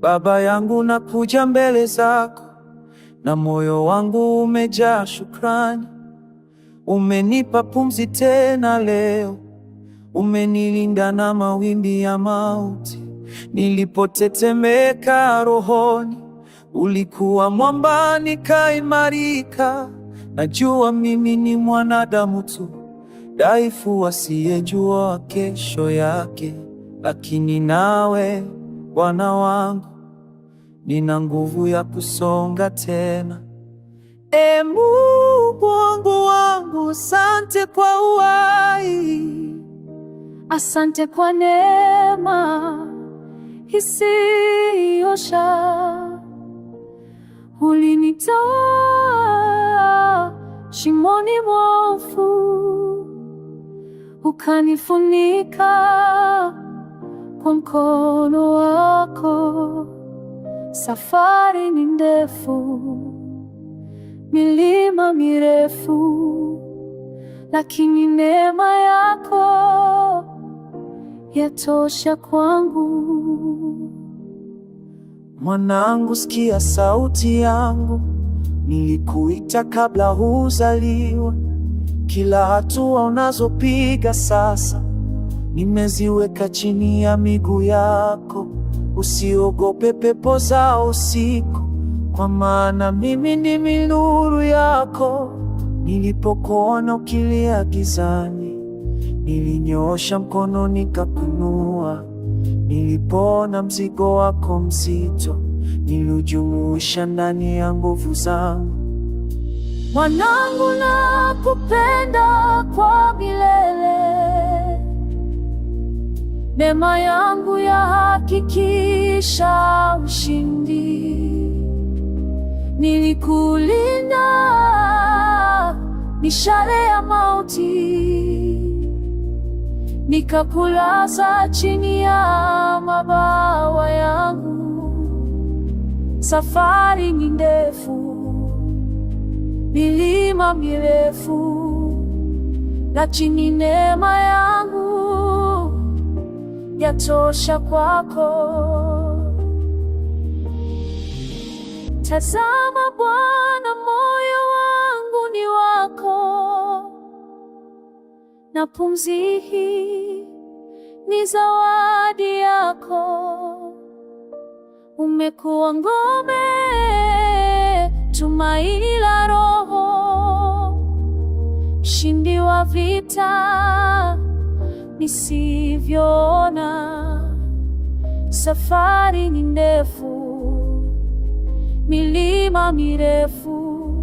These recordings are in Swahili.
Baba yangu nakuja mbele zako na moyo wangu umejaa shukrani. Umenipa pumzi tena leo, umenilinda na mawimbi ya mauti, nilipotetemeka rohoni Ulikuwa mwamba nikaimarika, najua mimi ni mwanadamu tu dhaifu, asiyejua kesho yake. Lakini nawe Bwana wangu, nina nguvu ya kusonga tena. E Mungu wangu wangu, asante kwa uhai, asante kwa neema isiyosha Ulinitoa shimoni mwa hofu, ukanifunika kwa mkono wako. Safari ni ndefu, milima mirefu, lakini neema yako yatosha kwangu. Mwanangu, sikia sauti yangu, nilikuita kabla huzaliwa. Kila hatua unazopiga sasa, nimeziweka chini ya miguu yako. Usiogope pepo za usiku, kwa maana mimi ndimi nuru yako. Nilipokuona ukilia gizani, nilinyoosha mkono nikakunua. Nilipona mzigo wako mzito, niliujumuisha ndani ya nguvu zangu. Mwanangu, nakupenda kwa milele, mema yangu ya hakikisha ushindi. Nilikulinda mishale ya mauti nikakulaza chini ya mabawa yangu. Safari ni ndefu, milima mirefu, lakini neema yangu yatosha kwako. Tazama Bwana na pumzi hii ni zawadi yako. Umekuwa ngome, tumaini la roho, mshindi wa vita nisivyoona. Safari ni ndefu, milima mirefu,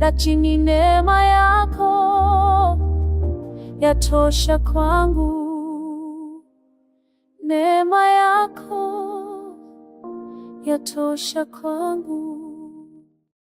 lakini neema yako yatosha kwangu. Neema yako yatosha kwangu.